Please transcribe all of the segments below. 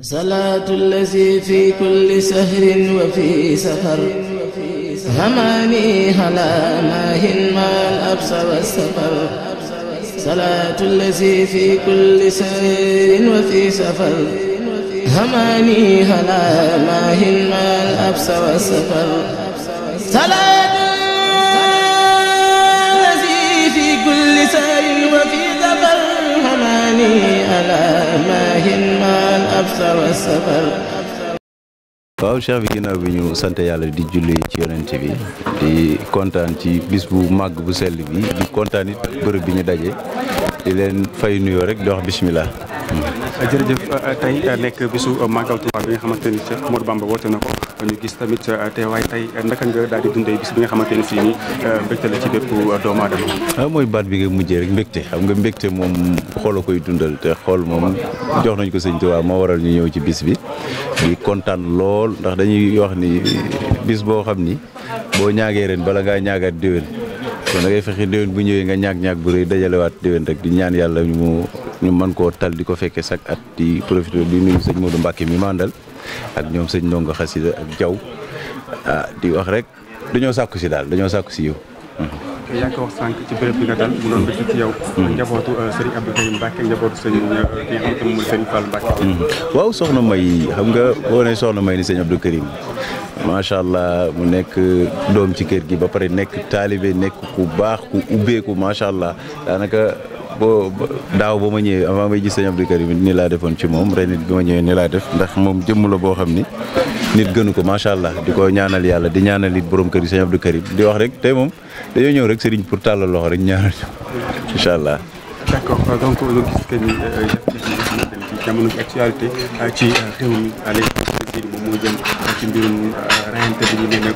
salaatu lazi fi kulli sahrin wa fi safar hamaani halaa maahin maal absa wa safar salaatu lazi fi kulli sahrin wa fi safar hamaani halaa maahin maal absa wa safar salaatu lazi fi kulli sahrin wa fi أعني ألا ماهن waaw cheikh bi ginnaaw bi ñu sant yàlla di julli ci yonent bi di kontaan ci bis bu màgg bu sell bi di kontaan it bërëb bi ñu daje di leen fay nuyoo rek di wax a jërëjëf tey nekk bisu màggal Tuubaa bi nga xamante ni Cheikh Modou Bamba woote na ko. ñu gis tamit te euh, teewaay tey euh, naka nga daal di dundee bis bi nga xamante ne fii nii euh, mbégte la ci bépp doomu ah, mooy baat bi nga mujjee rek mbégte xam nga mbégte moom xoola koy dundal te xool moom jox nañ ko sëñ waa moo waral ñu ñëw ci bis bi di kontaan lool ndax dañuy wax ni bis boo xam ni boo ñaagee ren bala ngaa ñaagaat déwén kon da ngay fexe déwén bu ñëwee nga ñaag-ñaag bu rëy dajalewaat déwén rek di ñaan yàlla ñu mu ñu mën koo tal di ko fekkee chaque at di profité di nuyu sëñ Modou Mbacke mi mandal ak ñoom sëñ ndongo xasida ak jaw ah di wax rek dañoo sàkku si daal dañoo sàkku si yow. sànq ci béréb bi nga mm. njabootu euh, sëriñ Abdou Karim sëñ bi euh, nga xam mm. waaw soxna May xam nga boo nee soxna May ni sëñ Abdou Karim macha allah mu nekk doom ci kër gi ba pare nekk taalibe nekk ku baax ku ubbeeku macha allah daanaka. boo daaw ba ma ñëwee avant may gis sëñ Abdou Karim nii laa defoon ci moom ren it bi ma ñëwee nii laa def ndax moom jëmm la boo xam ni nit gënu ko macha allah di ko ñaanal yàlla di ñaanal it borom kër yi sëñ Abdou Karim di wax rek te moom dañoo ñëw rek sëriñ pour tàllal loxo rek ñaanal ñu incha allah. d'accord euh, donc nga bi moom moo jëm ci euh,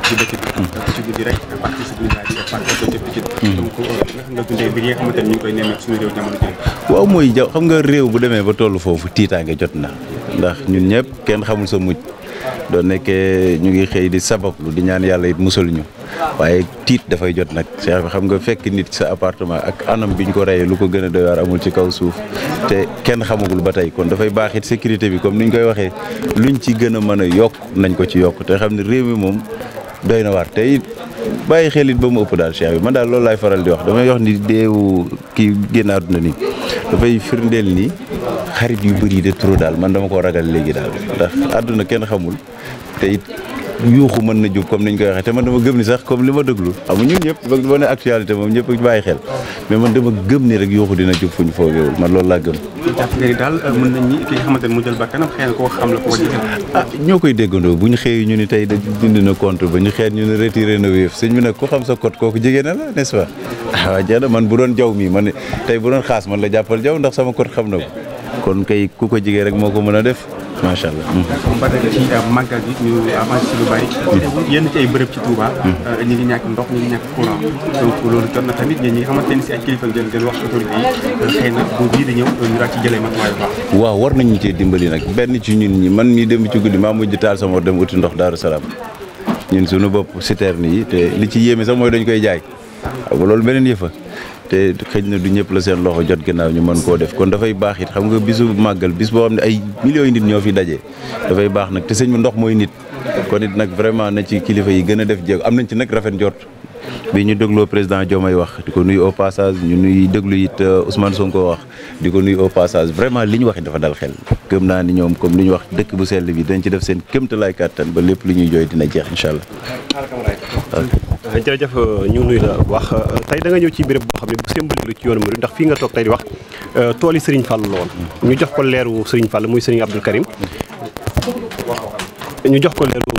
ci dëkk bi. Hmm. ci guddi rek parti civile daal di def parti de député. Hmm. donc euh, naka nga ñu ngi koy nemmeeku suñu réew jamono jii. waaw mooy xam nga réew bu demee ba tollu foofu tiitaange jot na ndax ñun ñëpp kenn xamul sa mujj. doo nekkee ñu ngi xëy di sabablu di ñaan yàlla it musal ñu waaye tiit dafay jot nag cheikh bi xam nga fekk nit sa appartement ak anam bi ñu ko reyee lu ko gën a doy waar amul ci kaw suuf te kenn xamagul ba tey kon dafay baax it sécurité bi comme ni ñu koy waxee ñu ci gën a mën a yokk nañ ko ci yokk te xam ne réew mi moom doy na waar te bàyyi xel it ba mu ëpp daal cheikh bi man daal loolu laay faral di wax damay yox ni deewu kii génn na nii dafay xarit yu bëri de trop daal man dama ko ragal léegi daal ndax àdduna kenn xamul te it yuuxu man na jub comme niñ koy waxee te man dama gëm ni sax comme li ma déglu xam nga ñun ñëpp ba boo ne actualité bàyyi xel mais man dama gëm ni rek yuuxu dina jub fuñ foogewul man loolu laa gëm. jàpp nga ni daal nañ mu jël bakkanam xëy xam la ah, ñoo koy déggandoo bu ñu xëyee ñu ni tey da dindi na compte ba ñu xeet ñu ne retiré na wéef sëñ bi nag ku xam sa cot kooku jigéen la n'est-ce pas ah man bu doon jaw mii man tey bu doon xaas man la jàppal jaw ndax sama code xam na ko kon kay ku ko jigee rek moo ko mën a def macha allah. comme ba euh, mm-hmm. yenn ci ay bërëb ci Touba. Mm-hmm. Euh, ñu ngi ñàkk ndox ñu ngi ñàkk courant. donc loolu jot na tamit ñi nga xamante ni si ay kilifa jël jël wax autorité yi euh, xëy na bu ñu daal waaw war nañu cee dimbali nag benn ci ñun ñi man mii dem ci guddi maa mujj taal sama dem uti ndox Daaru Salaam ñun sunu bopp citerne yi te li ci yéeme sax mooy dañ koy jaay. waaw loolu beneen yëfa te xëj na du ñëpp la seen loxo jot gannaaw ñu man koo def kon dafay baax it xam nga bisu màggal bis boo xam ne ay millions yi nit ñoo fi daje dafay baax nag te sëñ bi ndox mooy nit kon it nag vraiment na ci kilifa yi gën a def jéego am nañ ci nag rafet jot bi ñu dégloo président Diomaye wax di ko nuy au passage ñu nuy déglu it euh, Ousmane Sonko wax di ko nuy au passage vraiment li ñu wax dafa dal xel gëm naa ni ñoom comme li ñu wax dëkk bu sell bi dañ ci def seen kéemtalaay kàttan ba lépp lu ñuy jooy dina jeex incha allah jërëjëf ñu nuy la wax tey da nga ñëw ci béréb boo xam ne bu symbolique la ci yoonu murid ndax fi nga toog tey di wax euh, tool yi Serigne Fall la ñu jox ko leeru Serigne Fall muy Serigne Abdou Karim ñu jox ko leeru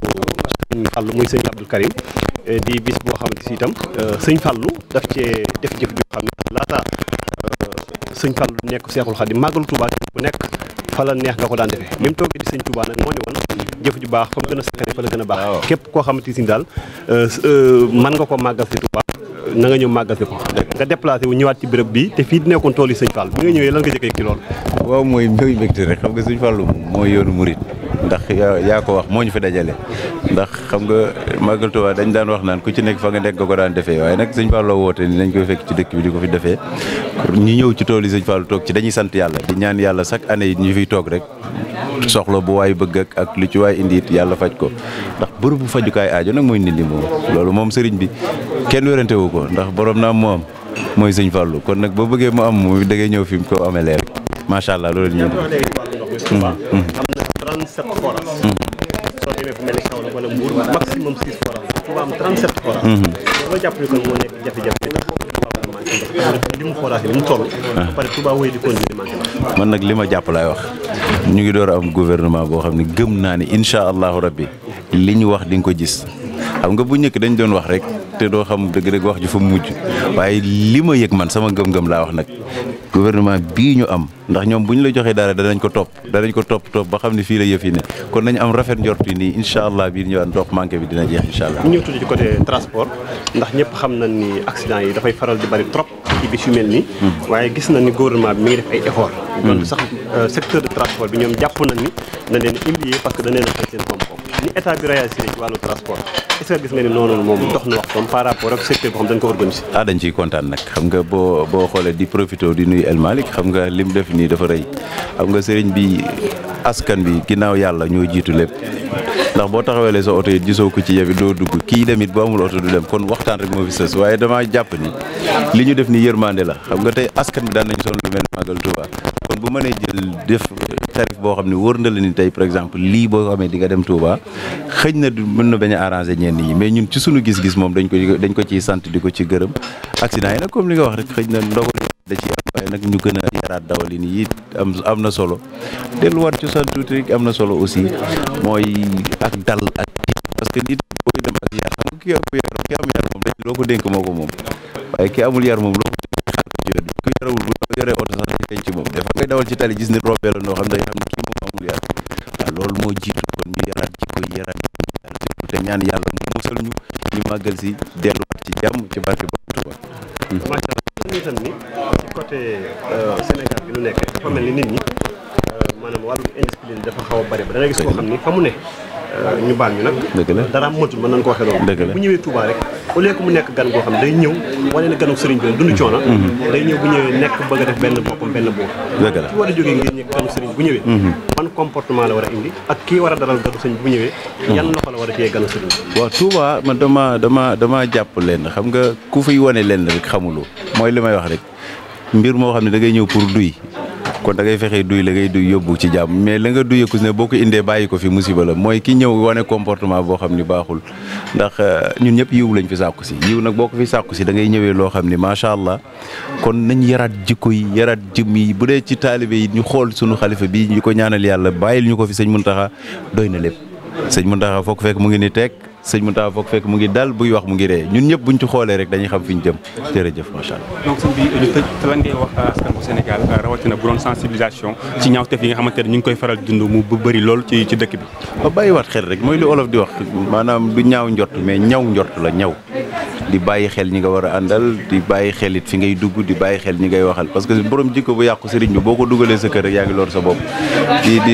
Serigne muy Serigne Abdou euh, di bis boo xamante si itam euh, Serigne Fallu daf cee def jëf joo xam ne laata Serigne Fallu nekk Seexul Xaadim màggalu Tuubaa bu nekk fa la neex nga ko daan defee bi mu toogee di sëñ Touba nag moo ne woon jëf ju baax fa mu gën a saxee fa la gën a baax képp koo xamante ni daal euh, euh, man nga ko màggal si Touba na nga ñëw màggal si ko nga déplacé wu ñëwaat ci bërëb bi te fii nekkoon tool yi sëñ Fall bi nga ñëwee la nga jëkkee ci loolu waaw mooy mbéy mbégte rek xam nga sëñ Fallu mooy yoonu murit ndax yaa ko wax moo ñu fi dajale ndax xam nga màggal Tuubaa dañ daan wax naan ku ci nekk fa nga nekk ko daan defee waaye nag sëñ Fallou woote ni dañ koy fekk ci dëkk bi di ko fi defee ñu ñëw ci tool yi sëñ Fallou toog ci dañuy sant yàlla di ñaan yàlla chaque année yi ñu fiy toog rek soxla bu waay bëgg ak ak lu ci waay indi it yàlla faj ko ndax bërëb bu fajukaay aajo nag mooy nit ñi moom loolu moom sëriñ bi kenn werante wu ko ndax borom naa moo am mooy sëñ Fallou kon nag boo bëggee mu am da ngay ñëw fi mu ko amee leer macha allah loolu 37 forage. soo mhm. jàpp ne kon moo nekk ah. man nag li ma jàpp laay wax ñu ngi door am gouvernement boo xam ne gëm naa ne incha allahu rabbi li ñu wax di nga ko gis. xam nga bu ñëkk dañ doon wax rek te doo xam dëgg-dëgg wax ji fa mujj waaye li ma yëg man sama gëm-gëm laa wax nag gouvernement bii ñu am ndax ñoom bu ñu la joxee dara danañ ko topp danañ ko topp topp ba xam ni fii la yëf yi ne kon nañ am rafet njort yi nii incha allah bii ñëwaan ndox manqué bi dina jeex incha allah. ñu ñëw tuuti transport ndax ñëpp xam nañ ni accident yi dafay faral di bari trop ci bis yu mel nii. Hmm. waaye gis nañ ni gouvernement bi mi ngi def ay effort. Hmm. donc sax euh, secteur de transport bi ñoom jàpp nañ ni na leen humilier parce que dañ leen a fay seen koom-koom ni état bi réagir ci wàllu transport. si ce que gis nga ni noonu moom dox na waxtoom par rapport ak secteur boo xam dañ ko organiser. ah dañ kontaan nag xam nga boo boo xoolee di profité di nuyu El Malick xam nga lim def nii dafa rëy xam nga sëriñ bi askan bi ginnaaw yàlla ñoo jiitu lépp. ndax boo taxawalee sa oto yi gisoo ko ci yebi doo dugg kii demit bu amul oto du dem kon waxtaan rek moo fi sës waaye dama jàpp ni li ñu def ni yërmande la xam nga tey askan bi daan nañ sonn lu mel màggal tarif boo xam ne wóor na la ni tey par exemple lii boo xamee di nga dem Touba xëj na mën na bañ a arrangé ñenn ñi mais ñun ci suñu gis-gis moom dañ ko dañ ko ciy sant di ko ci gërëm accident yi nag comme li nga wax rek xëj na ndogal da ci am waaye nag ñu gën a yaraat dawalin yi am am na solo delluwaat ci sant tuuti rek am na solo aussi mooy ak dal ak parce que nit booy dem ak yar xam ki am yar ki moom loo ko dénk moo ko moom waaye ki amul yar moom loo ko dénk xaar ko ci ku yarawul bu yoree oto dawal ci tali gis nit robeela noo xam ne xam ne kii moom amul yàlla waaw loolu moo jiitu kon ñu yaraat jikko yi yaraat jikko yi yàlla te ñu ñu si delluwaat ci ci barke ba Tuuba hmm. macha allah ñu itam ni ci côté euh, bi lu nekk dafa mel ni nit ñi euh, maanaam wàllu indiscipline dafa xaw a bëri ba da ngay gis koo xam ni fa mu ne euh, ñu baal ñu nag dara matul mën nañ ko waxee loolu bu ñëwee Tuuba rek au lieu que mu nekk gan goo xam day ñëw wane ne ganu sëriñ bi la dund coono mhm. Mhm. day ñëw bu ñëwee nekk bëgg a def benn boppam benn boobu ki war a jógee ngir ñëw ganu sëriñ bu ñëwee mhm. ban comportement la war a indi ak kii war a dalal ganu sëriñ bu ñëwee yan loxo la war a téye ganu sëriñ waaw Touba man dama dama dama jàpp leen xam nga ku fiy wane leen rek xamuloo mooy li may wax rek mbir moo xam ne da ngay ñëw pour duy kon dangay fexe duy la ngay duy yóbbu ci jàmm mais la nga duyeeku si ne boo ko indee bàyyi ko fi musiba la mooy ki ñëw wane comportement boo xam ni baaxul ndax euh, ñun ñëpp yiw lañ fi sàkku si yiw nag boo ko fi sàkku si da ngay ñëwee loo xam ni macha allah kon nañ yaraat jikko yi yaraat jëm yi bu dee ci taalibe yi ñu xool sunu xalifa bi ñu ko ñaanal yàlla bàyyil ñu ko fi sëñ Muntaxa doy na lépp sëñ Muntaxa foog fekk mu ngi ni teg sëñ Mouta foog fekk mu ngi dal buy wax mu ngi ree ñun ñëpp buñ ci xoolee rek dañuy xam fi ñu jëm jërëjëf macha allah. donc sëñ bi wax euh, askan Sénégal euh, rawatina bu doon sensibilisation ci ñaawteef yi nga xamante ne ñu ngi koy faral dund mu bëri lool ci ci dëkk bi. ba bàyyiwaat xel rek mooy lu olof di wax maanaam du ñaaw njort mais ñaw njort la ñaw di bàyyi xel ñi nga war a àndal di bàyyi xel it fi ngay dugg di bàyyi xel ñi ngay waxal parce que borom jikko bu yàqu sëriñ bi boo ko dugalee sa rek yaa ngi loor sa bopp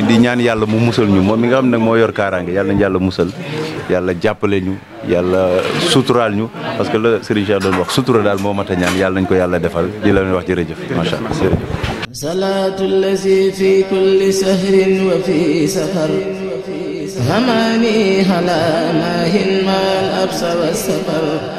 di ñaan yàlla mu musal ñu moom mi nga xam nag moo yor kaaraange yàlla nañ yàlla musal yàlla jàppale ñu yàlla suturaal ñu parce que la sëriñ Cheikh doon wax sutura daal moo mat a ñaan yàlla nañ ko yàlla defal di la wax jërëjëf macha allah jërëjëf صلاة